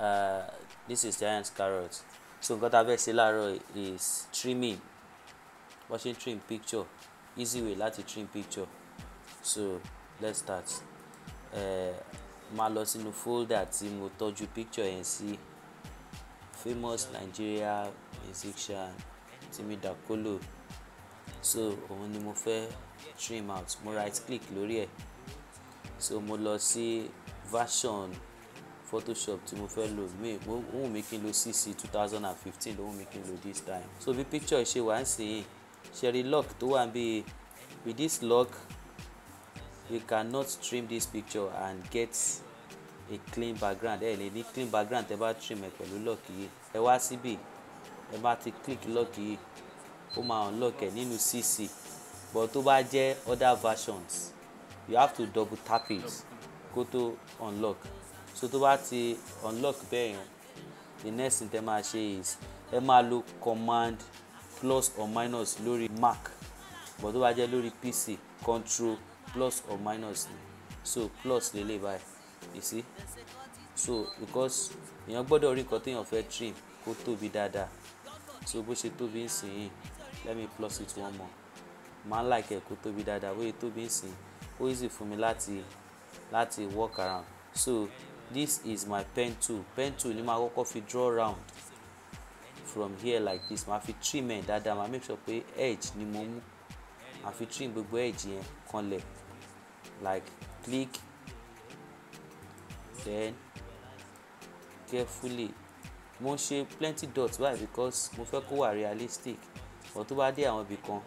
uh, this is giant carrot so nǹkan tá a fẹ́ ṣe láàárọ̀ is trimming wọ́n ṣe ń trim picture easy way láti trim picture so let's start uh, máa lọ sínú folder tí mo tọ́jú picture yẹn sí famous Nigeria musician Timi Dakolo so òun ni mo fẹ́ trim out mo right click lórí ẹ̀ so mo lọ sí version photoshop tí mo fẹ́ lò mí ó wù mí kí n lo cc two thousand and fifteen ló wù mí kí n lo this time so bí picture ṣe wá ń sìn yìí ṣẹ̀rí lock tó wà ń with this lock you cannot trim this picture and get a clean background ẹ lè ní clean background tẹ bá trim ẹ pẹ̀lú lock yìí ẹ wá síbì ẹ bá ti click lock yìí ó máa unlock ẹ nínú cc but tó bá jẹ́ other versions you have to double tap it kó tó unlock so tó bá ti unlock bẹ́ẹ̀ yẹn the next thing tẹ́ máa ṣe is ẹ máa lo command plus or minus lórí mac but tó bá jẹ́ lórí pc control plus or minus so plus lè lè báyìí you see so because èèyàn gbọ́dọ̀ rí nǹkan téèyàn fẹ́ trim kó tóbi dáadáa so bó ṣe tóbi ń sìn yìí let me plus it one more máa ń like ẹ̀ kó tóbi dáadáa bóyá tóbi ń sìn ó easy fún mi láti láti work around so this is my pen tool pen tool ni máa kọ́kọ́ fi draw round from here like this máa fi trim ẹ̀ dáadáa máa make sure pé edge ni mo mú máa fi trim gbogbo edge yẹn kanlẹ̀ like click then carefully mo ṣe plenty dot why because mo fẹ́ kó wà realistic but tó bá dé àwọn ibì kan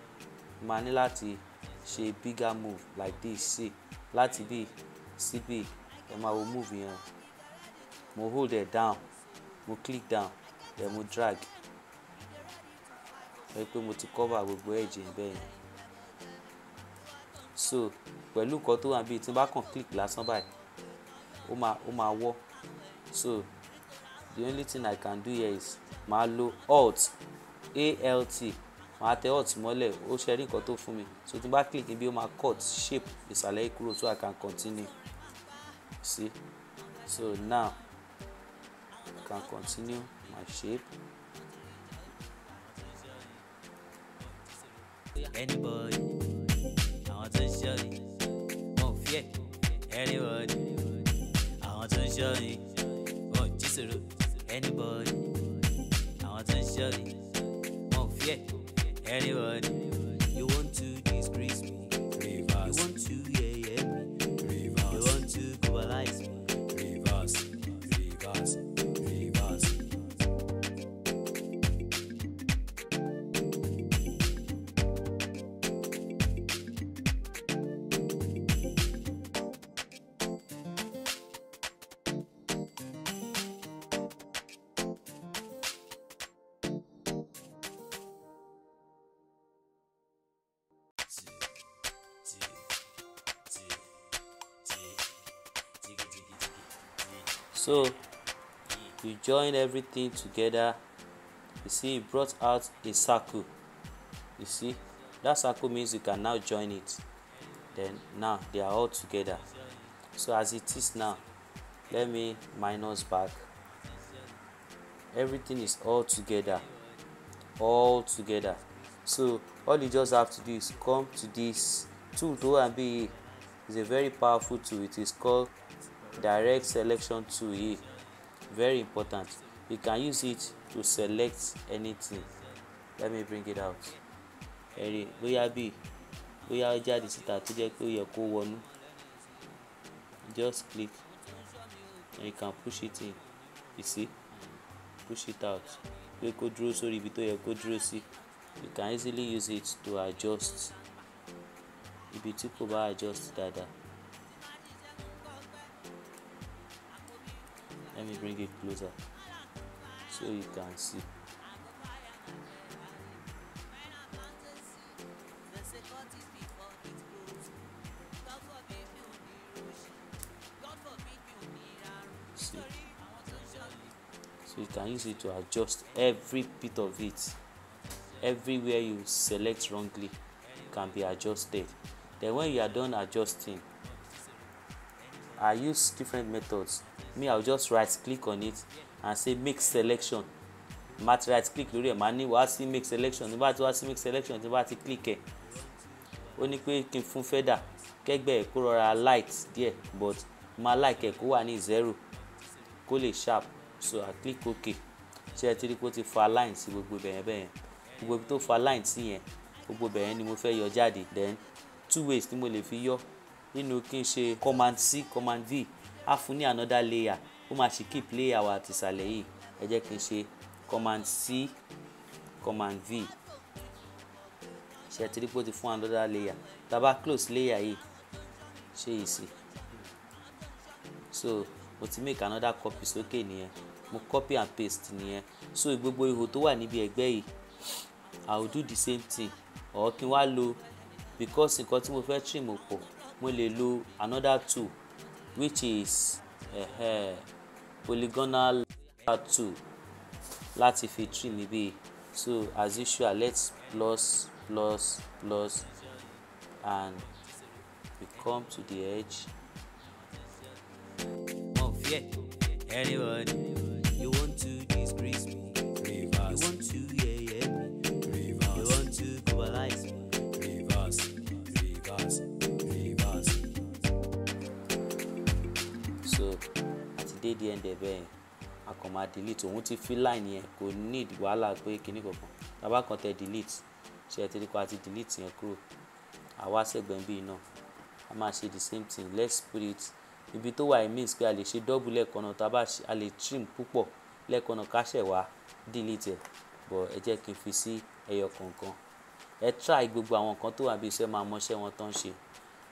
máa ní láti ṣe bigger move like this see láti bí síbí. Si ẹ máa wo move yẹn mo hold it down mo click down then mo drag ẹ pé mo ti cover gbogbo ẹ̀jẹ̀ bẹ́ẹ̀ yẹn so pẹ̀lú nǹkan tó wà bíi tí n bá kàn click lásán báyìí ó máa ó máa wọ́ so the only thing i can do here is máa lo alt alt màá tẹ alt mọ́lẹ̀ ó ṣe rí nǹkan tó fún mi so tí n bá click níbi ó máa cut shape ìsàlẹ̀ kúrò so i can continue see so now I can continue my shape anybody I want to show you ò fear. anybody I want to show you ò jí anybody I want to show you ò fear. anybody. so you join everything together you see it brought out a circle you see that circle means you can now join it then now they are all together so as it is now let me minus back everything is all together all together so all you just have to do is come to this tool tó be. bí is a very powerful tool it is called direct selection tool yìí very important you can use it to select anything let me bring it out ẹ̀rí bóyá bí bóyá ó jáde síta tó jẹ́ pé ó yẹ kó wọnú just click and you can push it in you see push it out pé kó dúró sórí ibi tó yẹ kó dúró sí you can easily use it to adjust ibi tí kò bá adjust dáadáa. let me bring it closer so you can see so you can use it to adjust every bit of it everywhere you select wrongly can be adjusted then when you are done adjusting I use different methods me I'll just right click on it and say make selection má ti right click lórí ẹ̀ má ní wàá sí make selection tí bá ti wá sí make selection tí bá ti click ẹ̀ ó ní pé kí n fún feather kẹ́gbẹ́ ẹ̀ kó rọra light díẹ̀ but má like ẹ̀ kó wà ní zero kó lè sharp so i click ok ṣé ẹ ti rí pé ó ti fa line sí gbogbo bẹ̀yẹn bẹ̀yẹn gbogbo ibi tó fa line sí yẹn gbogbo bẹ̀yẹn ni mo fẹ́ yọ jáde then two ways ni mo lè fi yọ nínú kí ṣe command c command v á fún ní another layer ó máa ṣì keep layer wa tìsàlẹ̀ yìí ẹ jẹ́ kí n ṣe command c command v ṣe tiri pé ó ti fún another layer tá a bá close layer yìí ṣe yìí sí so mo ti make another copy sókè nìyẹn mo copy and paste nìyẹn so gbogbo ihò tó wà níbi ẹ̀gbẹ́ yìí i will do the same thing or kí n wá lo because nǹkan tí mo fẹ́ trim pọ̀ mo lè lo another tool which is uh, polygonal layer two láti fi three níbí so as usual let's plus plus plus and we come to the edge. Don't fear anybody, you want to disgrace me. dédìí ẹ̀ǹdẹ̀ bẹ́ẹ̀ a kàn máa delete òun ti fi line yẹn kò need wàhálà pé kíní kankan tàbá kan tẹ delete ṣe ẹ ti rí pa àti delete yẹn kúrò àwa sẹ̀gbẹ̀n bíi náà a máa ṣe the same thing let's put it ibi tó wà it means pé a lè ṣe double lẹ́ẹ̀kan náà tàbá a lè trim púpọ̀ lẹ́ẹ̀kan náà káṣẹ̀ wá delete ẹ̀ bọ̀ ẹ jẹ́ kí n fi sí ẹyọ kọ̀ọ̀kan ẹ try gbogbo àwọn nǹkan tó wà bí iṣẹ́ máa mọṣẹ́ wọn tán ṣe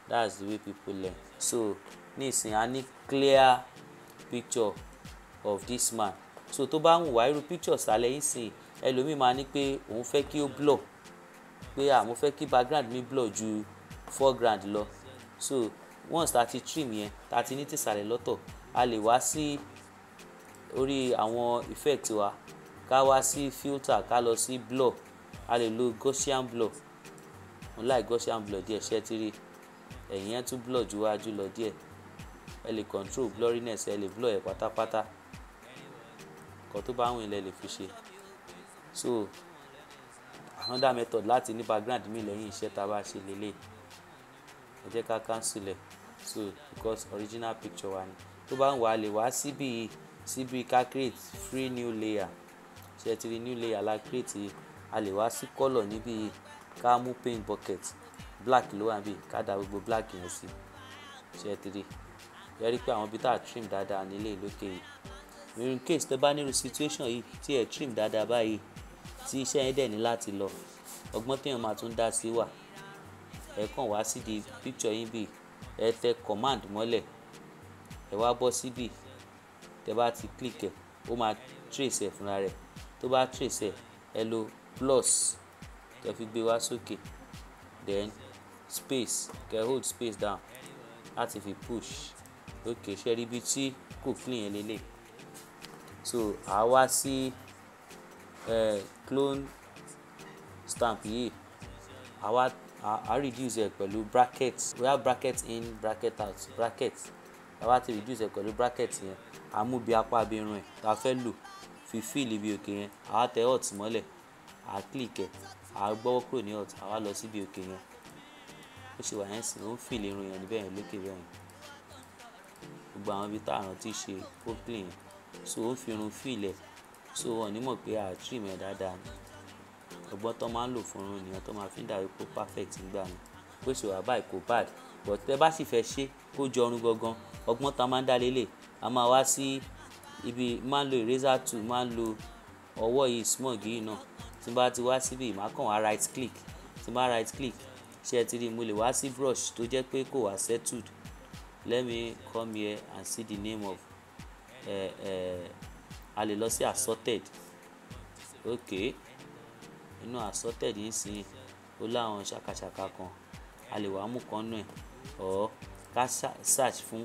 that's the way people learn so ní ìsìn a ní clear picture of this man so tó bá ń wà irú picture sálẹ̀ yìí sìn ẹlòmíì máa ní pé òun fẹ́ kí ó blur pé àwọn fẹ́ kí background mi blur ju foreground lọ so once that ti trim yẹn ta ti ní tìsàlẹ̀ lọ́tọ̀ a lè wá sí orí àwọn effect wa ká wá sí filter ká lọ sí blur a lè lo Gaussian blur òun Gaussian blur díẹ̀ ṣẹ́ ti rí ẹ̀yìn yẹn tún blur ju wájú lọ díẹ̀ ẹ lè control blurriness ẹ lè blur ẹ̀ pátápátá nǹkan tó bá wù yín lẹ lè fi ṣe so another method láti ní background mi lẹ́yìn iṣẹ́ tá a bá ṣe lélẹ̀ ẹ jẹ́ ká cancel ẹ̀ so because original picture wa ni tó bá ń wà á lè wá síbi síbi ká create free new layer ṣe ti rí new layer la create a lè wá sí color níbi ká mú paint bucket black ló wà níbi ká da gbogbo black yẹn sí ṣe ti rí ẹ rí i pé àwọn ibi tá a trim dáadáa nílé lókè yìí in case tó bá nírú situation yìí tí ẹ trim dáadáa báyìí tí iṣẹ́ yẹn dẹ̀ ní láti lọ ọgbọ́n téèyàn máa tún dá sí wà ẹ kàn wá sí di picture yín bì ẹ tẹ command mọ́lẹ̀ ẹ wá bọ́ síbì tẹ bá ti click ẹ ó máa trace ẹ fúnra rẹ tó bá trace ẹ ẹ lo plus kẹ fi gbé wá sókè then space kẹ hold space down láti fi push ok ṣe rí ibi tí kò clean yẹn lélẹ̀ so a wá sí clone stamp yìí a wá a reduce ẹ pẹ̀lú bracket we have bracket in bracket out bracket a wá ti reduce ẹ pẹ̀lú bracket yẹn a mú bí apá abirun ẹ̀ tá a fẹ́ lò fi fíìlì ibi òkè yẹn a wá tẹ hot mọ́lẹ̀ a click ẹ̀ a gbọ́wọ́ kúrò ní hot a wá lọ síbi òkè yẹn ó ṣe wà yẹn sìn ó ń irun yẹn níbẹ̀ yẹn lókè bẹ́ẹ̀ yẹn gbogbo àwọn ibi tá a rántí ṣe ó clean so ó fi irun fìlẹ̀ so wọn ní mọ̀ pé a trim ẹ̀ dáadáa ọgbọ́n tó máa ń lò fún irun nìyẹn tó máa fi ń dàbí kó perfect nígbà mi pé ṣe wà báyìí kó bad but tẹ bá sì fẹ́ ṣe kó jọ ọrùn gangan ọgbọ́n tá a máa ń dá lélẹ̀ a máa wá sí ibi máa ń lo eraser tool máa ń lo ọwọ́ yìí small gíì náà tí bá ti wá síbi màá wá right click tí bá right click ṣe ti rí mo lè wá sí brush tó jẹ́ pé kò wá settled let me come here and see the name of uh, uh, a lè lọ sí assorted ok inú assorted yìí sìn ó láwọn ṣàkàṣàkà kan a lè wàá mú kan nù ẹ̀ ká search fún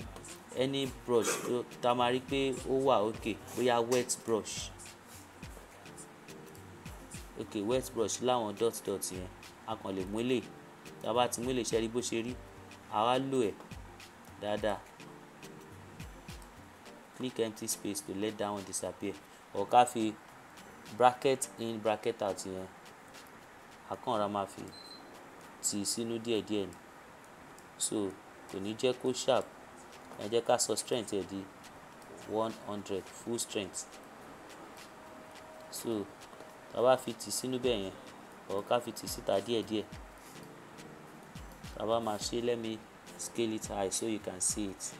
any brush tó tá a máa rí pé ó wà ok bóyá wet brush ok wet brush láwọn dot dot yẹn a kàn lè mú eléyìí tá a bá ti mú eléyìí ṣe rí bó ṣe rí àwa lò ẹ̀ dáadáa click empty space to let that one disappear or ká fi bracket in bracket out yẹn akànra máa fi tì í sínú díẹ̀díẹ̀ ni so kò ní jẹ́ kó sharp ẹ jẹ́ ká sọ strength ẹ̀ di one hundred full strength so tá a bá fi tì sínú bẹ́ẹ̀ yẹn ọ̀ ká fi tì síta díẹ̀díẹ̀ tá a bá máa ṣe lẹ́mi scale it high so you can see it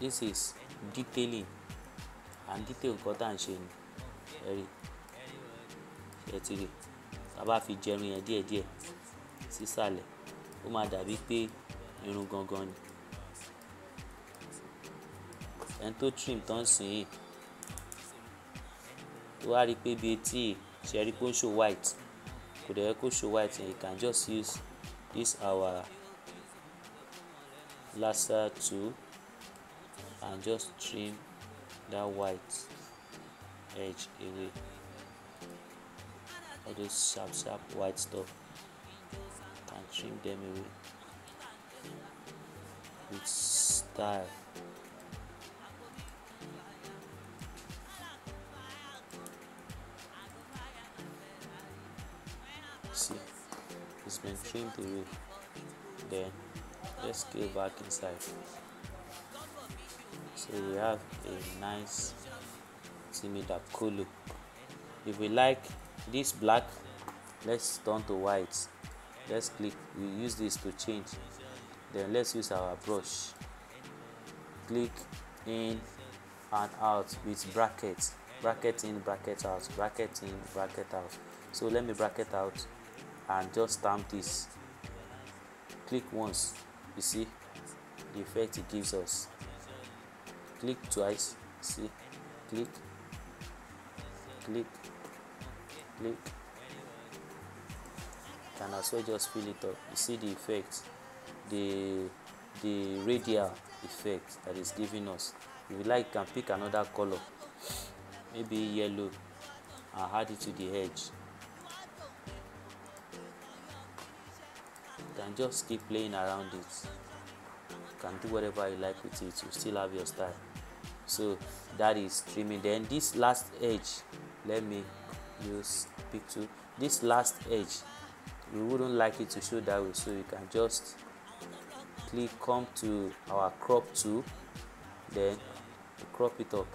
this is detailing and detail nǹkan tá à ń ṣe ni ẹ rí ẹ ti rí tá a bá fi jẹrun yẹn díẹ̀díẹ̀ sísàlẹ̀ ó máa dàbí pé irun gangan ni ẹni tó trim tán sìn yìí tó wá rí i pé bíi etí ṣe rí pé ó ń ṣò white Could Kudereko show white and you can just use this our laser tool and just trim that white edge away all those sharp sharp white stuff and trim them away with style maintain the way then let's go back inside so we have a nice timida cool look if we like this black let's turn to white let's click we use this to change then let's use our brush click in and out with brackets bracket in bracket out bracket in bracket out so let me bracket out and just stamp this click once you see the effect it gives us click twice see click click click can as well just fill it up you see the effect the the radial effect that is giving us if you like you can pick another color maybe yellow and add it to the edge just keep playing around it you can do whatever you like with it you still have your style so that is trimming then this last edge let me use pick two this last edge you wouldn't like it to show that way so you can just click come to our crop tool then crop it up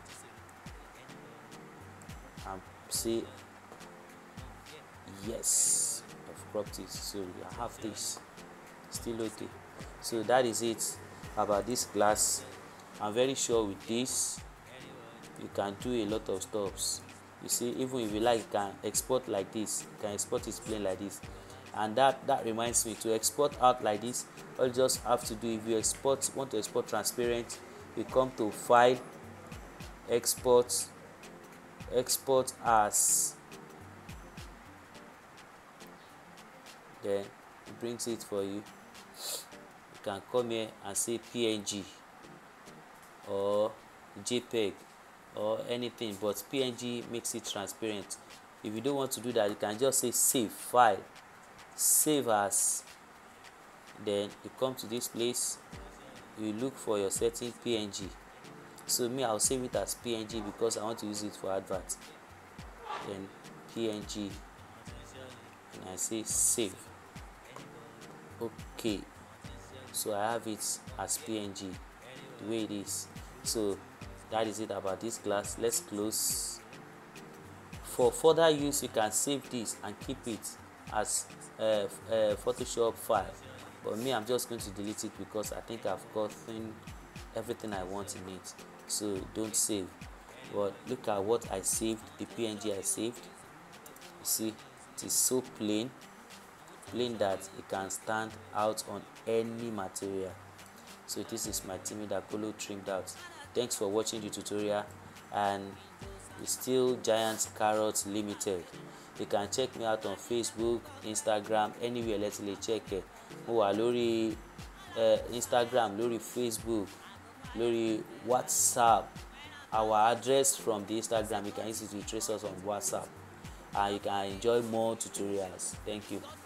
and see yes I've cropped it so you have this still okay so that is it about this class i'm very sure with this you can do a lot of stuffs you see even if you like you can export like this you can export this plane like this and that that reminds me to export out like this all you just have to do if you export want to export transparent you come to file export export as then it brings it for you can come here and say png or jpeg or anything but png makes it transparent if you don't want to do that you can just say save file save as then you come to this place you look for your setting png so me i'll save it as png because i want to use it for advert then png and i say save okay so i have it as png the way it is so that is it about this class let's close for further use you can save this and keep it as a, uh, a uh, photoshop file but me i'm just going to delete it because i think i've gotten everything i want in it so don't save but look at what i saved the png i saved you see it is so plain plain that it can stand out on any material so this is my team that Akolo trimmed out thanks for watching the tutorial and still Giant Carrots Limited you can check me out on Facebook Instagram anywhere Let me check ẹ mo wà lórí Instagram lórí Facebook lórí WhatsApp our address from the Instagram you can easily trace us on WhatsApp and you can enjoy more tutorials thank you.